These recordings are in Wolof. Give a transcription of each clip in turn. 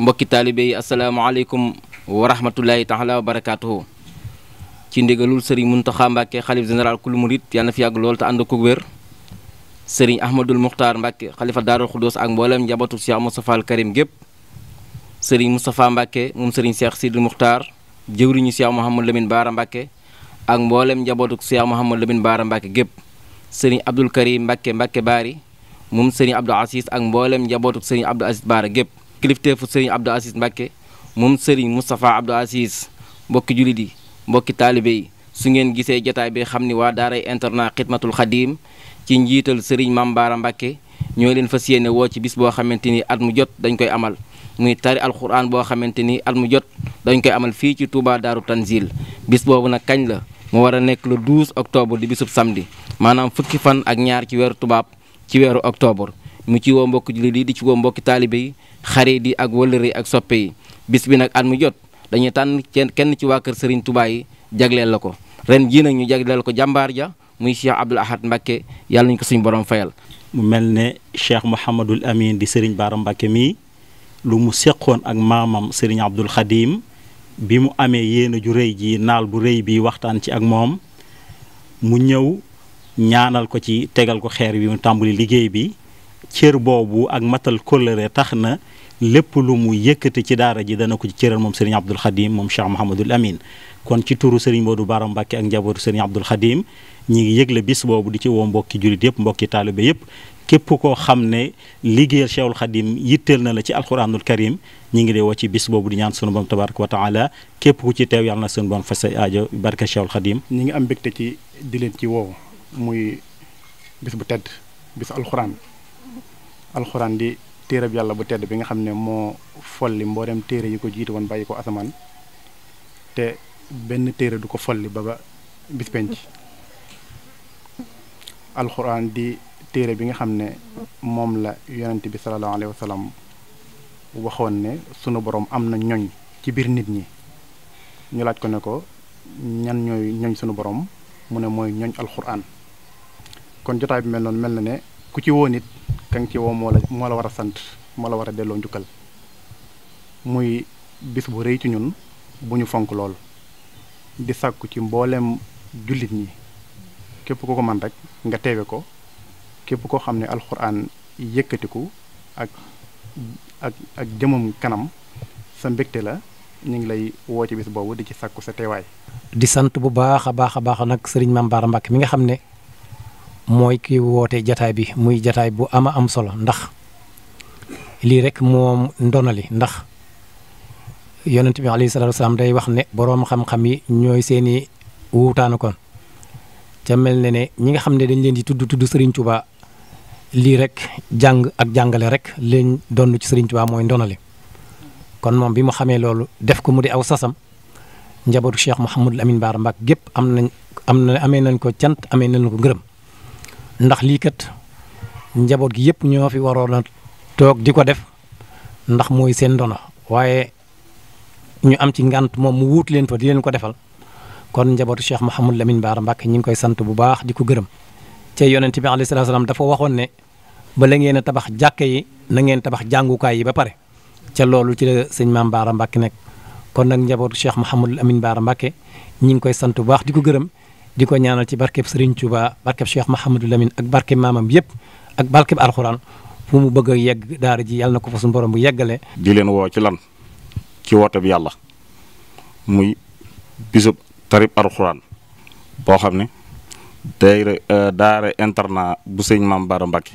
mbokki taalibe yi asalaamaaleykum wa rahmatulahi taala wa barakaatuhu ci ndigalul sëriñ Muntaxa Mbàkke xalif général kul murit yal fi yàgg lool te ànd ko wér Ahmadul Muxtaar Mbàkke xalifa Daarul Xuddoos ak mboolem njabootu Cheikh Moustapha al Karim gépp sëriñ Moustapha Mbàkke moom sëriñ Cheikh Sidil Muxtaar jëwriñu Cheikh Mouhamad Lamine Baara Mbàkke ak mboolem njabootu Cheikh Mouhamad Lamine Baara Mbàkke gépp sëriñ Abdul Karim Mbàkke Mbàkke moom sëriñ Abdou Aziz njabootu sëriñ Abdou gépp kilifteefu sëriñ Abdou Aziz Mbacke moom sëriñ Moustapha Abdou Aziz mbokki jullit yi mbokki taalibe yi su ngeen gisee jataay bi xam ni waa daaray internat xidmatul xadiim ci njiital sëriñ Mame Bara Mbacke ñoo leen fas yéene woo ci bis boo xamante ni at mu jot dañ koy amal muy tari alquran boo xamante ni at mu jot dañ koy amal fii ci Touba Daaru Tanzil bis boobu nag kañ la mu war a nekk le 12 octobre di bisub samedi maanaam fukki fan ak ñaar ci weeru tubaab ci weeru octobre mu ci woo mbokk jullit yi di ci woo mbokki taalibe yi xarit yi ak wëllëre ak soppe yi bis bi nag at mu jot dañuy tànn kenn ci waa kër Serigne Touba yi jagleel la ko ren ji nag ñu jagleel ko jàmbaar ja muy Cheikh Abdoul Ahad Mbacké yàlla nañu ko suñu borom fayal. mu mel ne Cheikh Mouhamadul Amin di sëriñ Bara Mbacké mii lu mu seqoon ak maamam sëriñ Abdoul Khadim bi mu amee yéen ju rëy ji naal bu rëy bi waxtaan ci ak moom mu ñëw ñaanal ko ci tegal ko xeer tàmbali liggéey bi. cër boobu ak matal kóllëre tax na lépp lu mu yëkkati ci daara ji dana ko ci cëral moom sëriñ Abdul Xadim moom Cheikh Mouhamadul Amin kon ci turu sëriñ Modou Bara Mbacké ak njabootu sëriñ Abdul Xadim ñi ngi yëgle bis boobu di ci woo mbokki jullit yëpp mbokki taalibe yëpp képp koo xam ne liggéeyal Cheikhul Xadim yitteel na la ci alquranul karim ñi ngi dee woo ci bis boobu di ñaan sunu borom tabaraka wa taala képp ku ci teew yàlla na sunu borom fas ay aajo barke Cheikhul Xadim ñi ngi di leen ci woo muy bu tedd alxuraan di téereb yàlla bu tedd bi nga xam ne moo folli mboolem téere yi ko jiitu woon bàyyi ko asamaan te benn téere du ko folli ba ba bis alxuraan di téere bi nga xam ne moom la yonent bi sallallahu alayhi wa waxoon ne sunu boroom am na ñoñ ci biir nit ñi ñu laaj ko ne ko ñan ñooy ñoñ sunu boroom mu ne mooy ñoñ alxuraan kon jotaay bi mel noonu mel na ne ku ci woo nit kan ci woo moo la moo la war a sant moo la war a delloo njukkal muy bis bu rëy ci ñun bu ñu fonk lool di sàkku ci mboolem jullit ñi képp ko ko man rek nga teewe ko képp koo xam ne alxuraan yëkkatiku ak ak ak jëmam kanam sa mbégte la ñu ngi lay woo ci bis boobu di ci sàkku sa teewaay. di sant bu baax a baax a baax nag sëriñ Mame Bara Mbacke mi nga xam ne. mooy kii woote jataay bi muy jataay bu ama am solo ndax lii rek moom li ndax yonent bi alayhi salaatu wasalaam day wax ne boroom xam-xam yi ñooy seeni wuutaanu kon ca mel ne ne ñi nga xam ne dañ leen di tudd tudd sëriñ tubaa lii rek jàng ak jàngale rek leen donn ci Serigne Touba mooy li kon moom bi mu xamee loolu def ko mu di aw sasam njabootu mu Mouhamadul Amine Baara Mbacke gépp am nañ am na amee nañ ko cant amee nañ ko ngërëm ndax lii kat njaboot gi yëpp ñoo fi waroon toog di ko def ndax mooy seen ndono waaye ñu am ci ngant moom mu wuut leen fa di leen ko defal kon njabootu Cheikh Mouhamadou Lamine Bara Mbacké ñu ngi koy sant bu baax di ko gërëm te yonent bi alayhi salaatu salaam dafa waxoon ne bala ngeen a tabax jàkka yi na ngeen tabax jàngukaay yi ba pare ca loolu ci la sëñ maam Bara Mbacké nekk kon nag njabootu Cheikh Mouhamadou Lamine Bara Mbacké ñu ngi koy sant bu baax di ko gërëm di ko ñaanal ci barkeb Serigne Touba barkeb Cheikh Mahamadou Lamine ak barkeb maamam yëpp ak barkeb alxuraan fu mu bëgg a yegg daar ji yàlla na ko fa suñu borom bu yeggale di leen woo ci lan ci woote bi yàlla muy bisub tarib alxuraan boo xam ne daayira euh, daara internat bu sëñ Maam Bara Mbacke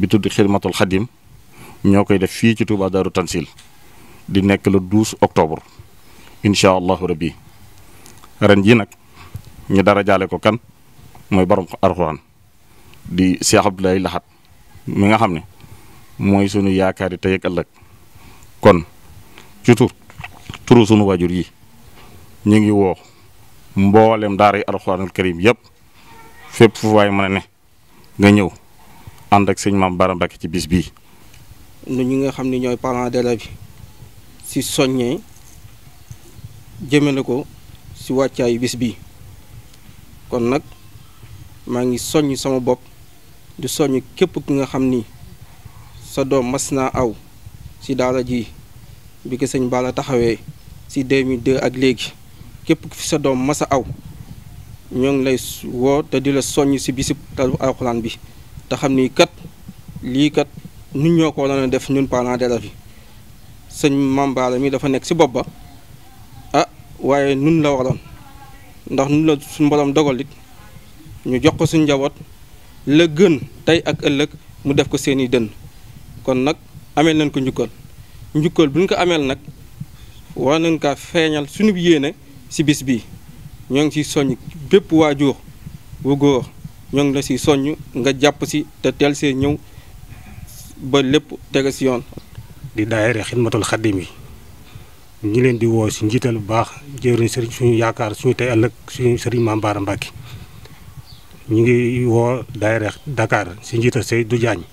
bi tudd xidmatul xadim ñoo koy def fii ci Touba Daaru Tansil di nekk le 12 octobre incha allahu rabbi ren ji nag ñu dara jaale ko kan mooy borom alxuraan di Cheikh Abdoulaye Lahat mi nga xam ne mooy sunu yaakaar yi tey ak kon ci tur turu sunu waajur yi ñu ngi woo mboolem daara yi alxuraanul karim yëpp fépp fu waay mën a ne nga ñëw ànd ak sëñ maam Bara Mbacké ci bis bii. nu nga xam ne ñooy parents d'élèves bi si soññee jëmale ko si wàccaayu bis bi kon nag maa ngi soññ sama bopp du soññ képp ki nga xam ni sa doom mas naa aw ci daara ji bi ko sëñ Balla taxawee ci 2002 ak léegi képp ki fi sa doom mas a aw ñoo ngi lay woo te di la soññ ci bisib taru alxuraan bi te xam ni kat lii kat ñun ñoo ko waroon def ñun parents d'élèves yi sëñ Mame Balla mi dafa nekk ci bopp ba ah waaye nun la waroon ndax nu la suñu borom dogalit ñu jox ko suñu njaboot la gën tey ak ëllëg mu def ko seeni dënn kon nag ameel nañ ko njukkal njukkal bu ñu ko ameel nag war nañ ko feeñal suñu yéene si bis bii ñoo ngi ci soññ bépp waajur wu góor ñoo ngi la siy soññ nga jàpp si te teel see ñëw ba lépp tege si yoon. di daayira xidmatul xadim yi ñi leen di woo si njiital bu baax jëwriñ sëriñ suñu yaakaar suñu tey ëllëg suñu sëriñ Maam Baara Mbàkke ñu ngi woo daayira Dakar si njiital du Diagne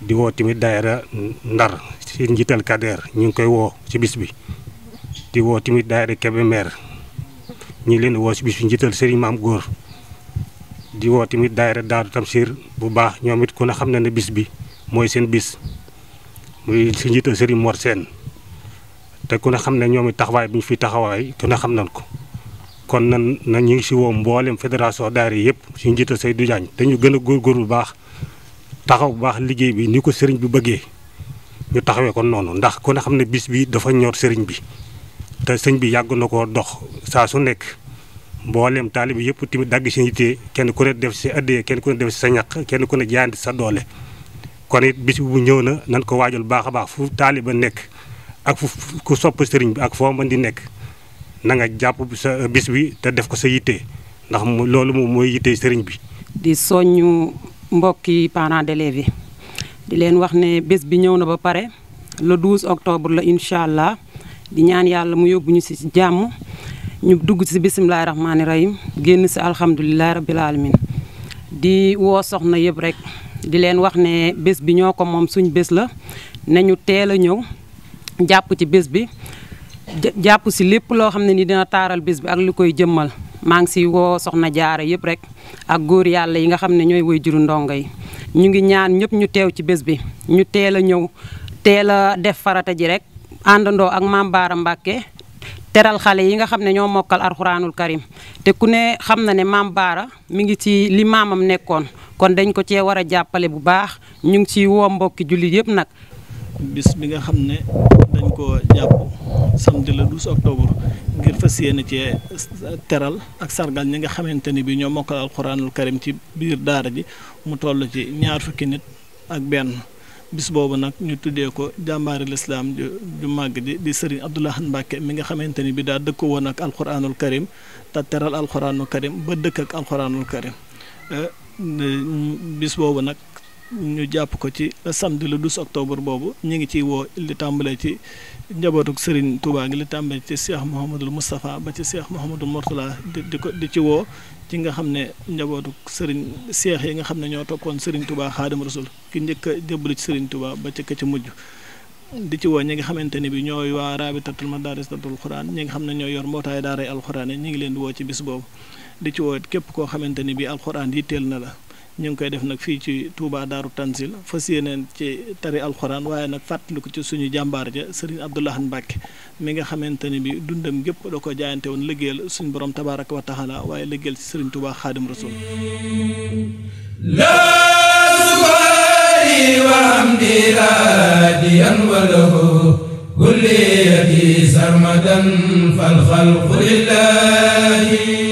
di woo tamit daayira Ndar si njiital Kader ñu ngi koy woo si bis bi di woo tamit daayira Kébémer ñu ngi leen di woo si bis bi njiital sëriñ Maam Góor di woo tamit daayira Daaru Tamsir bu baax ñoom it ku ne xam na ne bis bi mooy seen bis muy si njiital sëriñ Mor Sène te ku ne xam ne ñoom it taxawaay bi fi taxawaay ku ne xam nañ ko kon nan na ñu ngi si woo mboolem fédération daara yëpp si njiital Seydou Diagne te ñu gën a góorgóorlu bu baax taxaw bu baax liggéey bi ni ko sëriñ bi bëggee ñu taxawee kon noonu ndax ku ne xam ne bis bi dafa ñor sëriñ bi te sëñ bi yàgg na ko dox saa su nekk mboolem taalibe yëpp tamit dagg si yitte kenn ku ne def si addee kenn ku ne def si sa ñaq kenn ku ne jaandi sa doole kon it bis bu ñëw na nan ko waajal baax a baax fu taaliba nekk ak fu ku sopp sëriñ bi ak foo mën di nekk na nga jàpp sa bis bi te def ko sa yitte ndax loolu moom mooy yitte sëriñ bi. di soññu mbokki parents d'élèves yi di leen wax ne bés bi ñëw na ba pare le 12 octobre la incha allah di ñaan yàlla mu yóbbu si jàmm ñu dugg si bisimilah rahmaani rahim génn si alhamdulilah rabil di woo soxna yëpp rek di leen wax ne bés bi ñoo ko moom suñ bés la nañu teel a ñëw. jàpp ci bés bi jàpp si lépp loo xam ne nii dina taaral bés bi ak lu koy jëmmal maa ngi si woo soxna jaara yëpp rek ak góor yàlla yi nga xam ne ñooy woy juru ndongo yi ñu ngi ñaan ñëpp ñu teew ci bés bi ñu teel a ñëw teel a def farata ji rek àndandoo ak maam Baara Mbàkke teral xale yi nga xam ne ñoo mokkal arxuraanul karim te ku ne xam na ne maam Baara mi ngi ci li maamam nekkoon kon dañ ko cee war a jàppale bu baax ñu ngi ciy woo mbokki jullit yëpp nag bis bi nga xam ne dañ koo jàpp samedi le 12 octobre ngir fas yéene ci teral ak sargal ñi nga xamante ni bi ñoo mokkal alxuraanul karim ci biir daara ji mu toll ci ñaar fukki nit ak benn bis boobu nag ñu tuddee ko jàmbaari lislaam ju ju màgg ji di sëriñ Abdoulahan Mbàkke mi nga xamante ni bi daa dëkk woon ak alxuraanul karim te teral alxuraanul karim ba dëkk ak alxuraanul karim eh, bis boobu nag ñu jàpp ko ci samedi le 12 octobre boobu ñu ngi ciy woo li tàmbalee ci njabootuk Serigne Touba gi li tàmbalee ci Cheikh Mouhamadul Moustapha ba ci Cheikh Mouhamadul Mourtala di di ko di ci woo ci nga xam ne njabootuk Serigne Cheikh yi nga xam ne ñoo toppoon Serigne Touba Xaadim Rasul ki njëkk a jébbalu ci Serigne Touba ba ca ka ci mujj. di ci woo ñi nga xamante ni bi ñooy waa raabitatul madarisatul quran ñi nga xam ne ñooy yor mbootaay daaray alquran yi ñu ngi leen di woo ci bis boobu di woo képp koo xamante ni bi alquran yitteel na la ñu ngi koy def nag fii ci Touba Daaru Tanzil fas yéeneen ci tari alxuraan waaye nag fàttaliku ci suñu jàmbaar ja Serigne Abdou Lahad Mbacké mi nga xamante ne bi dundam gépp da ko jaayante woon liggéeyal suñu borom tabaaraka wa taala waaye liggéeyal ci Serigne Touba Xaadim Rasul kulli yati sarmadan fal xalqu lillahi